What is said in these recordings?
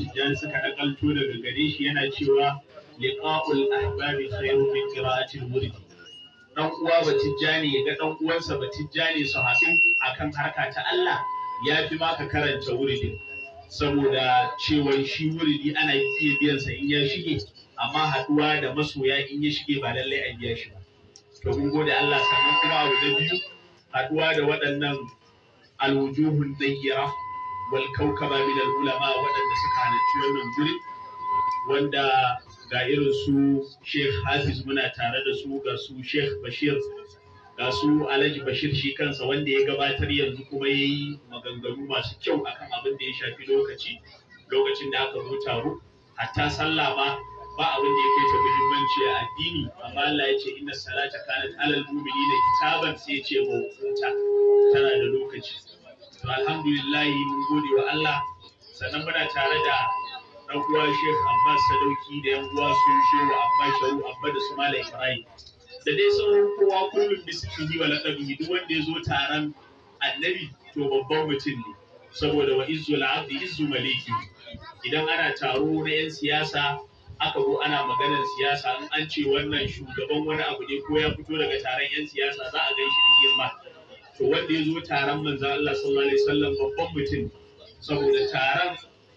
Tijjani suka nakalto daga gare shi yana cewa liqa'ul ahbabi khairu min qira'atil murid dan uwa ba Tijjani ya ga dan uwansa ba Tijjani su haɗu akan harka ta Allah ya fi ma ka karanta wuridin saboda cewa shi wuridi ana iya biyan sa in ya shige amma haɗuwa da masoya in ya shige ba lallai a biya shi ba to mun gode Allah sannan kuma abu na biyu haɗuwa da waɗannan alwujuhun dayyara wal kaukaba min al ulama waɗanda suka halarci wannan guri wanda ga irin su Sheikh Hafiz muna tare da su ga su Sheikh Bashir ga su Alhaji Bashir shi kansa wanda ya gabatar yanzu kuma yayi maganganu masu kyau akan abin da ya shafi lokaci lokacin da aka zo taro hatta sallah ma ba abin da yake ta muhimmanci a addini amma Allah ya ce inna salata kanat alal mu'minina kitaban sai ya ce mawquta tana da lokaci to alhamdulillah mun gode wa Allah sannan muna tare da dan uwa Sheikh Abbas Sadauki da yan uwa su Abbas Shehu Abba da su Malam Ibrahim da dai sauran kowa kullum yi wa laqabihi duk wanda ya zo taron annabi to babban mutum ne saboda wa izzu la'abdi izzu maliki idan ana taro na 'yan siyasa aka zo ana maganar siyasa in an ce wannan shugaban wani abu ne ko ya fito daga taron 'yan siyasa za a gaishe da girma to wanda ya zo taron manzo Allah sallallahu alaihi wasallam babban mutum saboda taron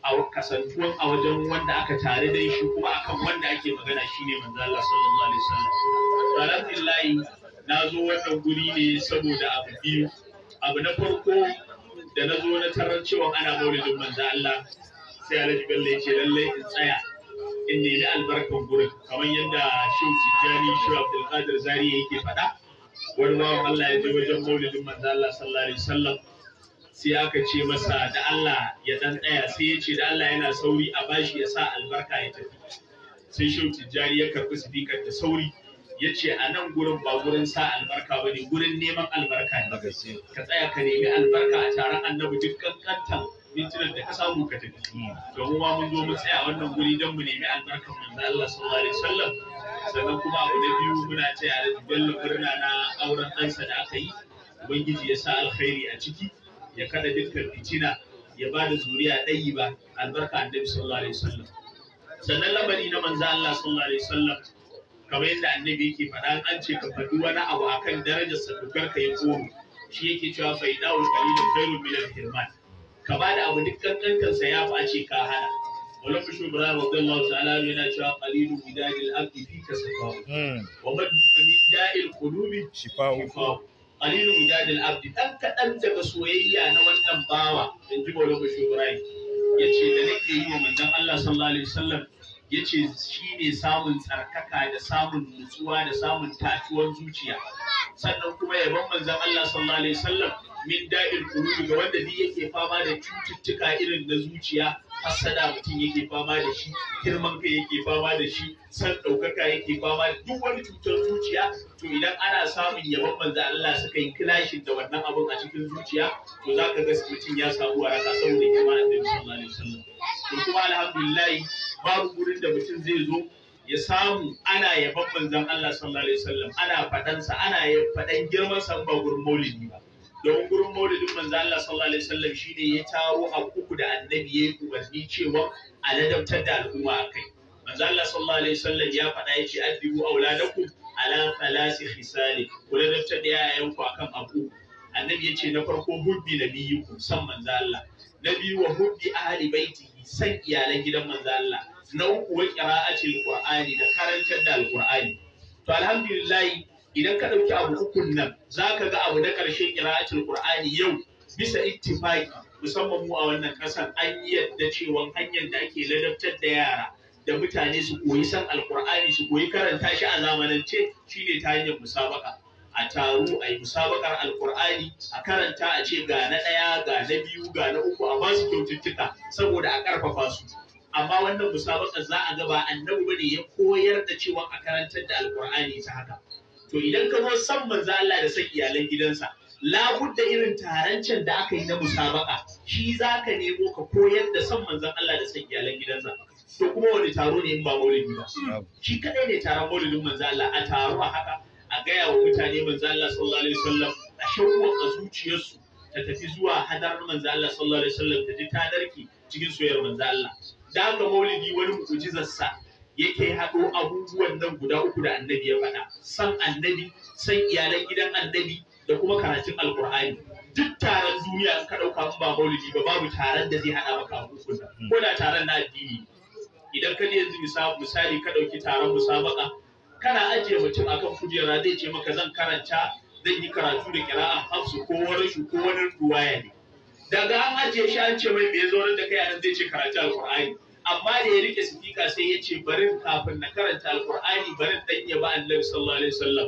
a kasantuwan a wajen wanda aka tare da shi kuma akan wanda ake magana shine manzo Allah sallallahu alaihi wasallam alhamdulillah na zo wannan guri ne saboda abu biyu abu na farko da na zo na tarar cewa ana maulidin manzo Allah sai Alhaji Bello ce lallai in tsaya in nemi albarkan gurin kamar yadda Shehu Tijjani Shehu Abdulkadir Zari yake faɗa wani bawan Allah ya je wajen maulidin manzo Allah sallallahu alaihi wasallam sai aka ce masa da Allah ya dan tsaya sai ya ce da Allah yana sauri a bashi ya sa albarka ya tafi sai shehu tijjari ya karbi sifikar da sauri ya ce a nan gurin ba gurin sa albarka ba ne gurin neman albarka ne ka tsaya ka nemi albarka a taron annabi duk kankantan mintunan da ka samu ka tafi domin ma mun zo mu tsaya wannan guri don mu nemi albarkar manzo Allah sallallahu alaihi wasallam sannan kuma abu na biyu muna da bello murna na auren ɗansa da aka yi ubangiji ya sa alkhairi a ciki ya kada dukkan fitina ya ba da zuriya ɗayi ba albarka annabi sallallahu alaihi wasallam sannan lamari na manzo Allah sallallahu alaihi wasallam kamar yadda annabi yake faɗa an ce ka faɗi wani abu akan darajar sa dukkan ka ya shi yake cewa fa'idawul idawu qalilun khairun min al-hirman ka ba da abu duk kankantarsa ya fi a ce ka hana wani fushin bura radiyallahu ta'ala yana cewa qalilun bidadil abdi fi kasafahu hmm. wa madduka min da'il qulubi shifa'u qalilun bidadil abdi dan kaɗan daga soyayya na wannan bawa in ji maulana fushin bura yace da nake yi wa manzon Allah sallallahu alaihi wasallam shi ne samun tsarkaka da samun nutsuwa da samun tatuwar zuciya sannan kuma yabon manzon Allah sallallahu alaihi wasallam min da'il qulubi ga wanda ni yake fama da cututtuka irin na zuciya hasada mutum yake fama da shi girman kai yake fama da shi san ɗaukaka yake fama da duk wani cutar zuciya to idan ana samun yabon manzo Allah suka yi kilashin da wannan abun a cikin zuciya to zaka ka ga mutum ya samu waraka saboda da annabi sallallahu alaihi wasallam to kuma alhamdulillah babu gurin da mutum zai zo ya samu ana yabon manzon Allah sallallahu alaihi wasallam ana faɗansa ana yabon girman sa ba gurin maulidi ba don gurin maulidin manzo Allah sallallahu alaihi wasallam shine ya taro a uku da annabi yayi umarni cewa a ladabtar da al'umma akai manzo Allah sallallahu alaihi wasallam ya faɗa yace addibu auladakum ala falasi khisali ku ladabtar da yayan ku akan abu annabi yace na farko hubbi na san manzo Allah na biyu wa hubbi ahli baitihi san iyalan gidan manzo Allah na uku wa qira'atil qur'ani da karantar da alqur'ani to alhamdulillah idan ka ɗauki abu ukun nan za ka ga abu na ƙarshen ƙira'atul Qur'ani yau bisa ittifaqi musamman mu a wannan ƙasar an yadda cewa hanyar da ake ladabtar da yara da mutane su koyi san alqur'ani su koyi karanta shi a zamanance shine ta hanyar musabaka a taru a yi musabakar alqur'ani a karanta a ce ga na ɗaya ga na biyu ga na uku a basu kyaututtuka saboda a ƙarfafa su amma wannan musabakar za a ba annabi bane ya koyar da cewa a karantar da alqur'ani ta haka to idan ka zo san manzo Allah da san iyalan gidansa labudda irin tarancin da aka yi na musabaka shi za ka nemo ka koyar da san manzon Allah da san iyalan gidansa to kuma wani taro ne in ba maulidi ba shi kadai ne taron maulidin manzon Allah a taro a haka a gaya wa mutane manzon Allah sallallahu alaihi wasallam a a zuciyarsu ta tafi zuwa hadar manzon Allah sallallahu alaihi wasallam ta ji ta cikin soyayyar manzon Allah da haka maulidi wani mu'jizarsa yake haɗo abubuwan nan guda uku da annabi ya faɗa san annabi san iyalan gidan annabi da kuma karatun alkur'ani duk taron duniya in ka ɗauka ba maulidi ba babu taron da zai haɗa maka abubuwan ko da taron na addini idan ka yanzu misali ka ɗauki taron musabaka kana ajiye mutum akan kujera zai ce maka zan karanta zan yi karatu da kira'a hafsu ko wani shu ko wani ruwaya ne daga an ajiye shi an ce mai me ya zo da kai a nan zai ce karatu alkur'ani amma da ya rike sifika sai ya ce barin kafin na karanta alkur'ani barin dan ya ba annabi sallallahu alaihi wasallam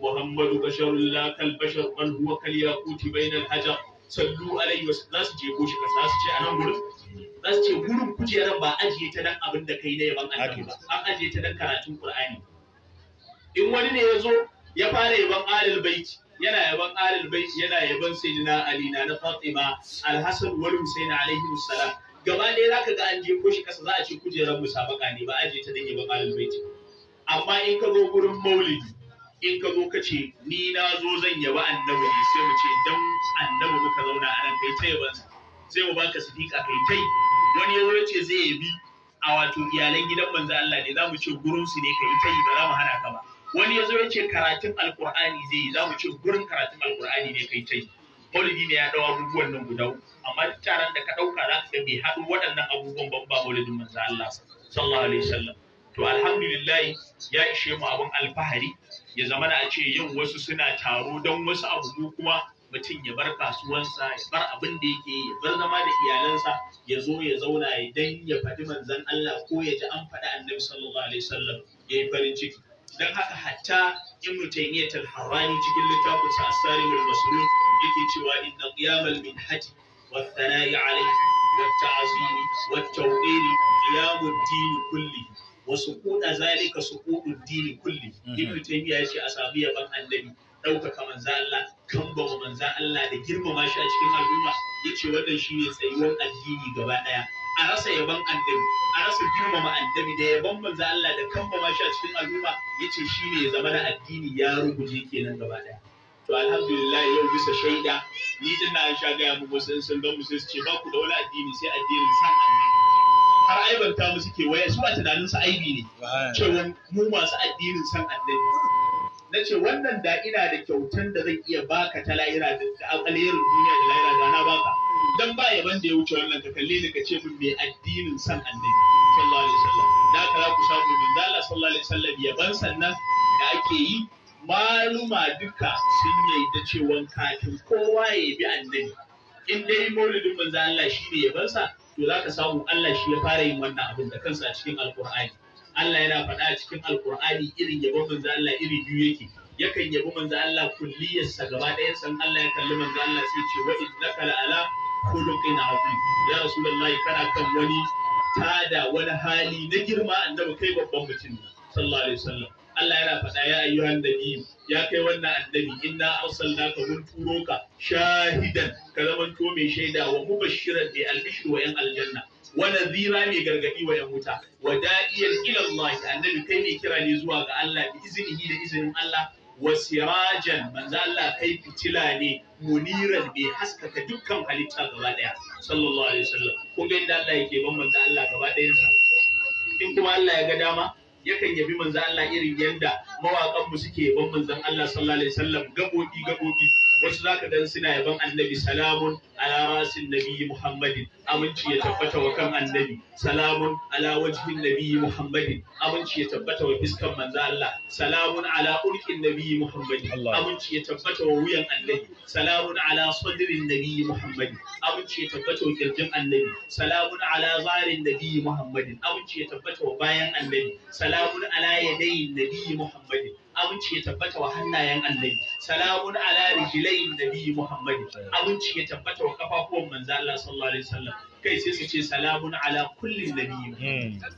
muhammadu basharul la kal bashar bal huwa kal yaquti bainal hajar sallu alaihi wasallam su jebo shi kasa su ce a nan gurin za su ce gurin kujeran ba ajiye ta nan abin da kai na yaban annabi ba an ajiye ta nan karatun qur'ani in wani ne ya zo ya fara yaban alil baiti yana yaban alil baiti yana yaban sayyidina ali na fatima alhasan wal husaini alaihi salam gaba ɗaya za ka ga an je ko shi ƙasa za a ce kujerar musabaka ne ba a je ta danye ba baiti amma in ka zo gurin maulidi in ka zo ka ce ni na zo zan yaba annabi ne sai mu ce dan annabi muka zauna a nan kai ta yabansa sai mu baka sadiqa kai tai wani ya zo ya ce zai yabi a wato iyalan gidan manzo Allah ne za mu ce gurin su ne kai kai ba za mu hana ka ba wani ya zo ya ce karatun alkur'ani zai yi za mu ce gurin karatun alkur'ani ne kai kai maulidi ne ya ɗau abubuwan nan guda amma duk taron da ka ɗauka za ka bai haɗu waɗannan abubuwan babba maulidin manzo Allah sallallahu alaihi wasallam to alhamdulillah ya ishe mu abun alfahari ya zamana a ce yau wasu suna taro don wasu abu kuma mutum ya bar kasuwansa ya bar abin da yake ya bar zama da iyalansa ya zo ya zauna ya dan ya faɗi manzon Allah ko ya ji an faɗi annabi sallallahu alaihi wasallam ya yi farin ciki don haka hatta ibnu taymiyyah al-harrani cikin littafin sa as-sarimul maslum yake cewa inna qiyamal minhaj wa thana'i alayhi wa ta'zim wa tawqir qiyamud din kulli wa suquda zalika suqudud din kulli mhm. ibnu taymiyyah yace a sami yaban annabi ɗaukaka manza Allah kambama manza Allah da girmama shi a cikin al'umma yace wannan shine tsayuwar addini gaba ɗaya a rasa yaban annabi a rasa girmama annabi da yaban manzo Allah da kammama shi a cikin al'umma yace shi ne ya zama na addini ya ruguje kenan gaba daya to alhamdulillah yau bisa shaida ni din na sha ga mu musu sun ga musu su ce ba ku da wani addini sai addinin san annabi har ta musu ke waya su ba tunanin su aibi ne ce mu masu addinin san annabi na ce wannan da ina da kyautan da zan iya baka ta lahira da alherin duniya da lahira da na baka dan ba yaban da ya wuce wannan ka kalli ni ka ce min mai addinin san annabi sallallahu alaihi wasallam da ka ku samu min da Allah sallallahu alaihi wasallam yaban sannan da ake yi maluma duka sun da cewa kafin kowa ya bi annabi in dai maulidin manzo Allah shine sa to zaka samu Allah shi ya fara yin wannan abin da kansa a cikin alqur'ani Allah yana faɗa a cikin alqur'ani irin yabon manzo Allah iri biyu yake yakan yabi manzo Allah kulliyarsa gaba ɗaya san Allah ya kalli manzo Allah sai ce wa innaka ala kullum ina abu ya rasulullahi kana kan wani tada wani hali na girma annabi kai babban mutum sallallahu alaihi wasallam Allah yana faɗa ya ayyuhan nabi ya kai wannan annabi inna arsalnaka mun turo ka shahidan ka zaman to mai shaida wa mubashiran bi albishir wa yan aljanna wa nadhira mai gargadi wa yan wuta wa da'iyan ila Allah annabi kai mai kira ne zuwa ga Allah bi izinihi da izinin Allah Wasirajan, sirajan manzo Allah kai fitila ne muniran bai haskaka dukkan halitta gaba daya sallallahu alaihi wasallam Ko ga inda Allah yake ban manzo Allah gaba in kuma Allah ya ga dama yakan yabi manzo Allah irin yanda mawaƙan mu suke ban manzo Allah sallallahu alaihi wasallam gabobi gabobi wasu zaka dan suna yaban annabi salamun ala rasin nabiyyi muhammadin aminci ya tabbata wa kan annabi salamun ala wajhin nabiyyi muhammadin aminci ya tabbata wa fiskan manzo Allah salamun ala urqin nabiyyi muhammadin aminci ya tabbata wa wuyan annabi salamun ala sadrin nabiyyi muhammadin aminci ya tabbata wa kirjin annabi salamun ala zarin nabiyyi muhammadin aminci ya tabbata wa bayan annabi salamun ala yadayin nabiyyi muhammadin abinci ya tabbata wa hannayen annabi salamun ala rijlai nabi muhammad abinci ya tabbata wa kafafuwan manzo Allah sallallahu alaihi wasallam kai sai su ce salamun ala kulli nabi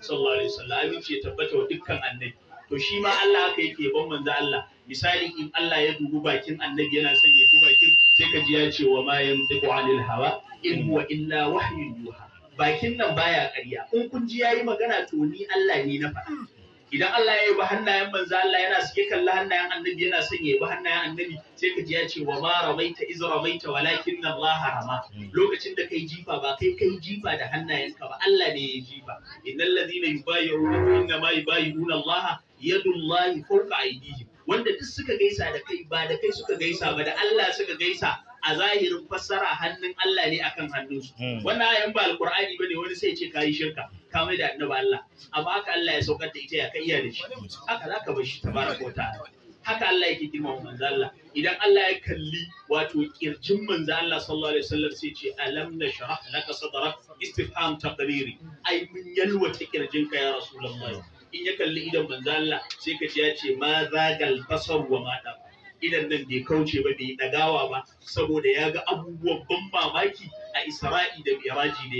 sallallahu alaihi wasallam abinci ya tabbata wa dukkan annabi to shi ma Allah haka yake ban manzo Allah misali in Allah ya dubi bakin annabi yana son ya dubi bakin sai ka ji ya ce wa ma yamdiku alil hawa in huwa illa wahyu yuha bakin nan baya ƙarya in kun ji yayi magana to ni Allah ne na faɗa idan Allah ya yi ba hannayen manzo Allah yana sike kalla hannayen annabi yana son ya yi ba hannayen annabi sai ka ji ya ce wa ma ramaita iz ramaita walakin Allah rama hmm. lokacin da kai jifa ba kai kai jifa da hannayenka ba Allah ne ya jifa innal ladina yubayyi'una inna ma yubayyi'una Allah yadullahi fawqa aydihim wanda duk suka gaisa da kai ba da kai suka gaisa ba da Allah suka gaisa a zahirin fassara hannun Allah ne akan hannunsu hmm. wannan ayan ba alqur'ani bane wani sai ce yi shirka ka mai da annabi Allah amma haka Allah ya saukar da ita ya kai iya da shi haka zaka bar shi tabaraka ta'ala haka Allah yake girma manzo Allah idan Allah ya kalli wato kirjin manzo Allah sallallahu alaihi wasallam sai ce alam nashrah laka sadrak istifham taqriri ai mun yalwata ka ya rasulullahi hmm. in ya kalli idan manzo Allah sai ka ce ya ce ma zagal basar wa ma idan nan bai kauce ba bai dagawa ba saboda ya ga abubuwan ban mamaki a isra'i da miraji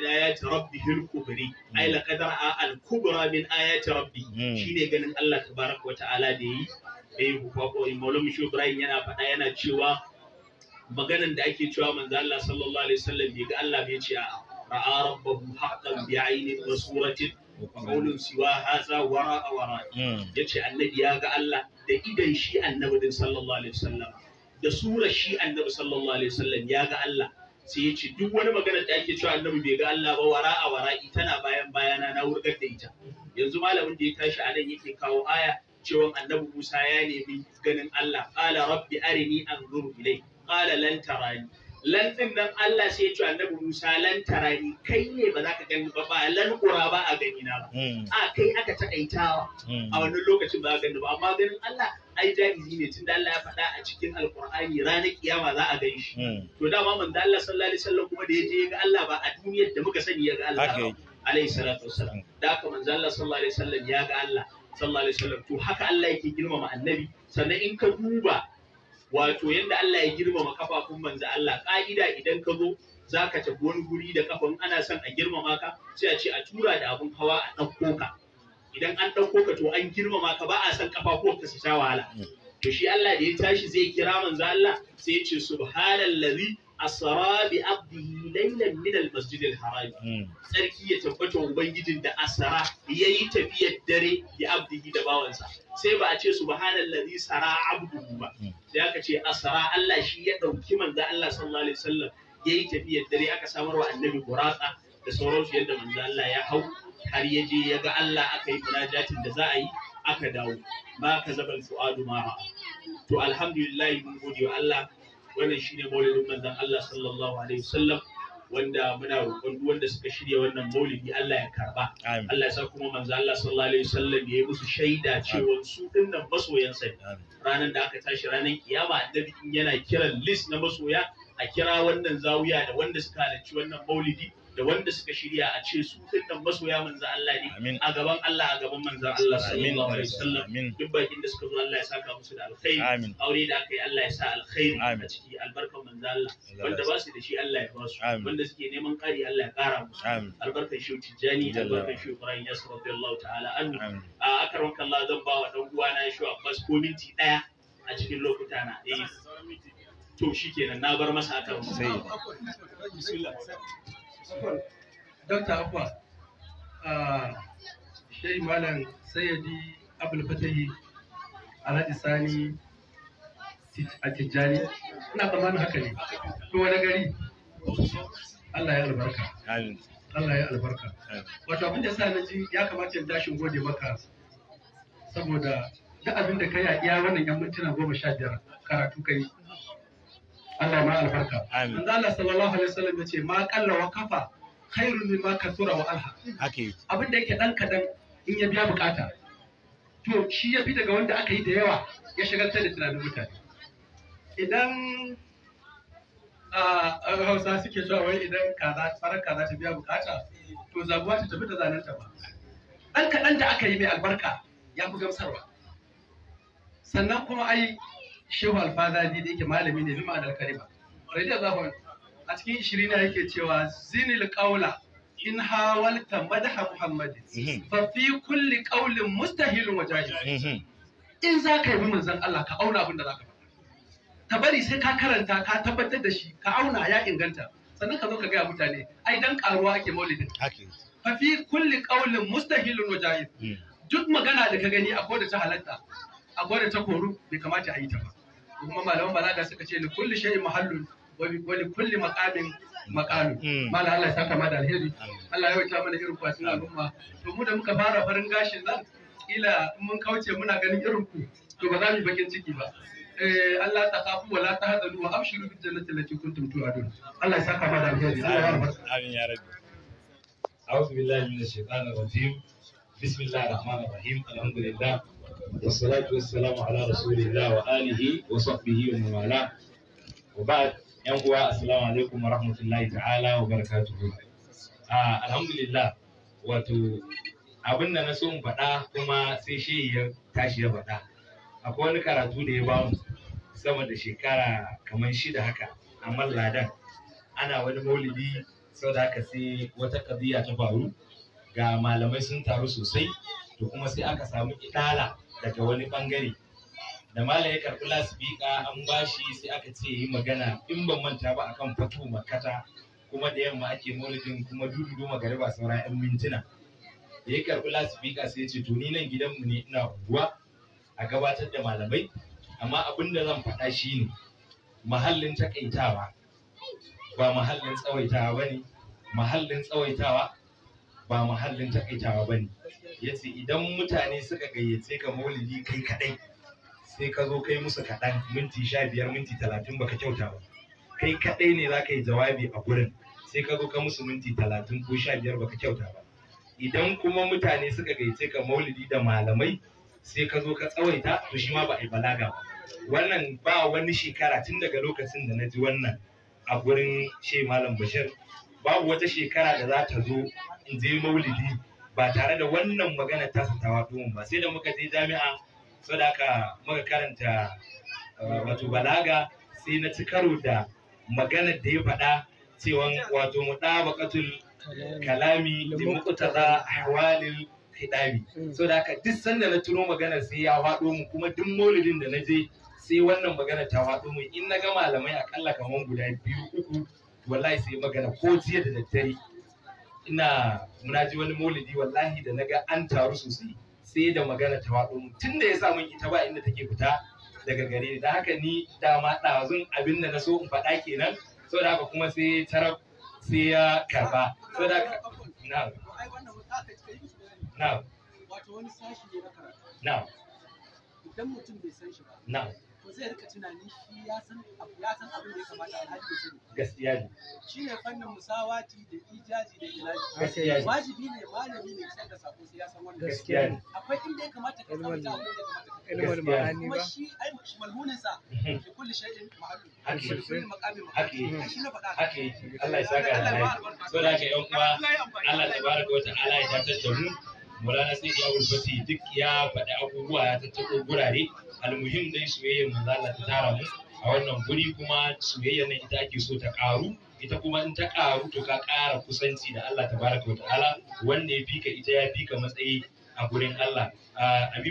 da yayi ya ta rabbi hil kubri الكبرى la لقد al kubra min ayati rabbi hmm. shine ganin Allah tabaraka wa ta'ala da yi eh ko Maulana Shehu Ibrahim yana faɗa yana cewa maganan da ake cewa manzo Allah sallallahu alaihi wasallam bai ga Allah bai ce a ra'a rabbahu haqqan bi wa qawlun siwa haza wara wara hmm. ce annabi ya ga Allah da idan shi annabi din sallallahu alaihi wasallam da surar shi annabi sallallahu alaihi wasallam ya ga Allah sai ya ce duk wani magana da ake cewa annabi bai ga Allah ba wara a wara tana bayan bayana na wurgar da ita yanzu malamin da ya tashi a nan yake kawo aya cewa annabi Musa ya nemi ganin Allah qala rabbi arini anzur ilai qala lan tarani lan nan Allah sai ya ce annabi Musa lan tarani kai ne ba za ka gani ba ba lan kura ba a gani na ba hmm. a kai aka takaitawa hmm. a wannan lokacin ba a gani ba amma ganin Allah ai jami'i ne tunda Allah ya faɗa a cikin alkur'ani ranar kiyama za a gani shi hmm. to dama manzo Allah sallallahu alaihi wasallam kuma da ya ya ga Allah ba a duniyar da muka sani ya ga Allah alaihi salatu wassalam da haka manzo Allah sallallahu alaihi wasallam ya ga Allah sallallahu alaihi wasallam to haka Allah yake girmama annabi sannan in ka duba wato yadda Allah ya girmama kafafun manzo Allah ka'ida idan ka zo zaka tafi wani guri da kafan ana son a girmama ka sai a ce a tura da abun hawa a ɗauko ka idan an ɗauko ka to an girmama ka ba a son kafafuwan ka su sha wahala mm. to shi Allah da ya tashi zai kira manzo Allah sai ya ce subhanallazi asara bi abdihi lailan min al-masjid hmm. sarki ya tabbata ubangijin da asara yayi tafiyar dare ya abdihi da bawansa sai ba a ce subhanallazi sara abduhu ba hmm. sai aka ce asara Allah shi ya dauki manzo Allah sallallahu alaihi wasallam yayi tafiyar dare aka samar wa annabi qurata da sauransu yadda manzo Allah ya hau har ya je ya ga Allah aka yi munajatin da za a yi aka dawo ba ka zaban fu'adu ma to alhamdulillah mun gode wa Allah wannan shine maulidin manzon Allah sallallahu alaihi wasallam wanda muna roƙon duk wanda suka shirya wannan maulidi Allah ya karba Allah ya sa kuma Manza Allah sallallahu alaihi wasallam ya yi musu shaida cewa su dinnan masoyan sa ranar da aka tashi ranar kiyama annabi yana kiran list na masoya a kira wannan zawiya da wanda suka halarci wannan maulidi da wanda suka shirya a ce su dinnan masoya manzo Allah ne a gaban Allah a gaban manzon Allah sallallahu alaihi wasallam duk bakin da suka zo Allah ya saka musu da alkhairi aure da aka yi Allah ya sa alkhairi a ciki albarkar manzo Allah wanda ba su da shi Allah ya ba su wanda suke neman ƙari Allah ya ƙara musu albarkar shi tijani albarkar shi Ibrahim Yasir radiyallahu ta'ala anhu a akaron Allah zan ba wa dan uwana shi Abbas ko minti daya a cikin lokuta na eh to shikenan na bar masa akan sai Dokta Abba, Shehi Malam Sayyadi Abul Fatahi Alhaji Sani a Tijjani, ina tsammanin haka ne, to wani gari. Allah ya albarka. Allah ya albarka. Wato abin da sa na ji ya kamata in tashin gode maka saboda duk abin da ka yi a iya wannan 'yan mintuna goma sha biyar karatu ka yi. Allah ma albarka amin Allah sallallahu alaihi wasallam ce ma qalla wa kafa khairu mimma kathura wa alha hake abin da yake dan kadan in ya biya bukata to shi ya fi daga wanda aka yi da yawa ya shagaltar da tunanin mutane idan a hausa suke cewa wai idan kaza farar kaza ta biya bukata to zabuwa ta tafi da zanen ta ba dan kadan da aka yi mai albarka ya fi gamsarwa sannan kuma ai shehu alfazaji da yake malami ne bima dal kalima radiyallahu anhu a cikin na yake cewa zinil qaula in hawalta madaha muhammad mhm. fa fi kulli qaulin mustahilun wa jahil mhm. in za ka yi manzon Allah ka auna abin da za ka Ta bari sai ka karanta ka tabbatar da shi ka auna ya inganta sannan ka zo ka gaya mutane ai dan karuwa ake maulidin fa fi kulli qaulin mustahilun wa jahil mhm. duk magana da ka gani akwai da ta halatta akwai da ta koru bai kamata a yi ta ba kuma malaman balaga suka ce li kulli shay'in mahallun wa li kulli maqamin maqalu hmm. mala Allah ya saka ma da alheri Allah ya wata mana irin kwasin al'umma to mu da muka fara farin gashin nan ila mun kauce muna ganin irin ku to ba za mu bakin ciki ba eh, Allah ta kafu wa la ta hadalu wa abshiru bil jannati allati kuntum tu'adun Allah ya saka ma da alheri amin ya rabbi a'udhu billahi minash الشيطان rajim بسم الله الرحمن الرحيم الحمد لله والصلاة والسلام على رسول الله وآله وصحبه ومن والاه وبعد yan uwa عليكم ورحمة wa تعالى وبركاته wa ah, alhamdulillah wato abin da na so faɗa kuma sai shehi ya tashi ya faɗa akwai wani karatu da ya ba mu sama da shekara kamar shida haka a ladan ana wani maulidi sau da haka sai wata ƙabiya ta faru ga malamai sun taru sosai to kuma sai aka samu idala daga wani bangare da malam ya karɓi lasifika ah, an bashi sai aka ce yi magana in ban manta ba akan fatu makata kuma da yamma ake maulidin kuma dudu ba saura yan mintuna da ya karɓi lasifika sai ya ce to ni nan gidanmu ne ina unguwa a gabatar da malamai amma abin da zan faɗa shi ne mahallin takaitawa ba mahallin tsawaitawa ba ne mahallin tsawaitawa ba muhallin takaitawa ba ne ya idan mutane suka gayyace ka maulidi kai kaɗai sai ka zo kai musu kaɗan minti sha biyar minti talatin baka kyauta ba kai kaɗai ne za ka yi jawabi a gurin sai ka zo ka musu minti talatin ko sha biyar baka kyauta ba idan kuma mutane suka gayyace ka maulidi da malamai sai ka zo ka tsawaita to shi ma ba a yi balaga ba wannan ba wani shekara tun daga lokacin da na ji wannan a gurin she malam bashir babu wata shekara da za ta zo in je maulidi ba tare da wannan magana ta wato tawadumin ba sai da muka je jami'a so da muka karanta eh, wato balaga sai na ci karo da magana da ya faɗa cewa wato mu kalami da muƙutaza ahwalil hidabi so da haka duk sanda na turo maganar sai ya faɗo mu kuma duk maulidin da na je sai wannan magana ta faɗo mu in na ga malamai akalla kaman guda biyu uku wallahi sai magana ko jiya da daddare ina muna ji wani maulidi wallahi da naga an taru sosai sai da magana ta waɗo mu tun da ya sa mun ita ba inda take fita daga gare ni da haka ni dama ɗazun abin da na so in faɗa kenan saboda haka kuma sai tarab sai ya karba saboda haka na na wato wani sashi ne na karatu na idan mutum bai san shi ba na to zai rika tunani shi ya san abu ya san abin da ya kamata alhaji ya sani gaskiya ne shi ne fannin musawati da ijaji da ilaji gaskiya ne wajibi ne malami ne sai da sako sai ya san wannan gaskiya ne akwai inda ya kamata ka san abin da ya kamata shi ai sa shi mhm. kulli shay'in ma'lum shi Allah ya saka yan uwa Allah tabaraka wa ta'ala ya mu Maulana Sayyid duk ya faɗi abubuwa ya tattako gurare almuhim dai soyayyar manzo Allah ta tara mu a wannan guri kuma soyayyar nan ita ake so ta karu ita kuma in ta karu to ka kara kusanci da Allah tabaraka ta'ala wanda ya fika ita ya fika matsayi a gurin Allah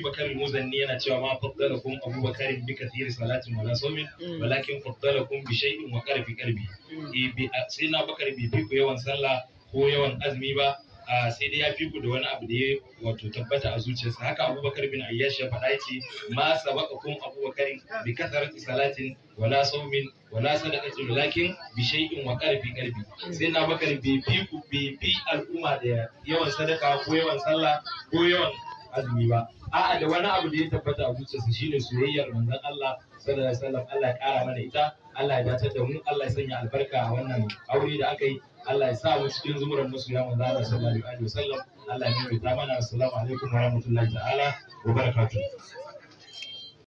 Bakar Muzanni yana cewa ma faddalakum Abubakar bi kathiri salatin wa sawmin mm. walakin faddalakum bi shay'in wa qarfi qalbi mm. eh, sai na bakar bi fi yawan sallah ko yawan azumi ba sai dai ya fi ku da wani abu da ya wato tabbata a zuciyarsa haka abubakar bin ayyash ya faɗa ce ma kun abubakar bi kasarati salatin wala saumin wala sadaqatin walakin bi shay'in wa qalbi qalbi sai na bakar bi fi ku bi fi al'umma da yawan sadaka ko yawan sallah ko yawan azumi ba a'a da wani abu da ya tabbata a zuciyarsa shine soyayyar manzon Allah sallallahu alaihi wasallam Allah ya kara mana ita Allah ya dace da mu Allah ya sanya albarka a wannan aure da aka yi Allah ya sa mu cikin zumuran musulmi manzo Allah sallallahu alaihi wasallam Allah ya mai ta mana assalamu alaikum wa ta'ala wa barakatuh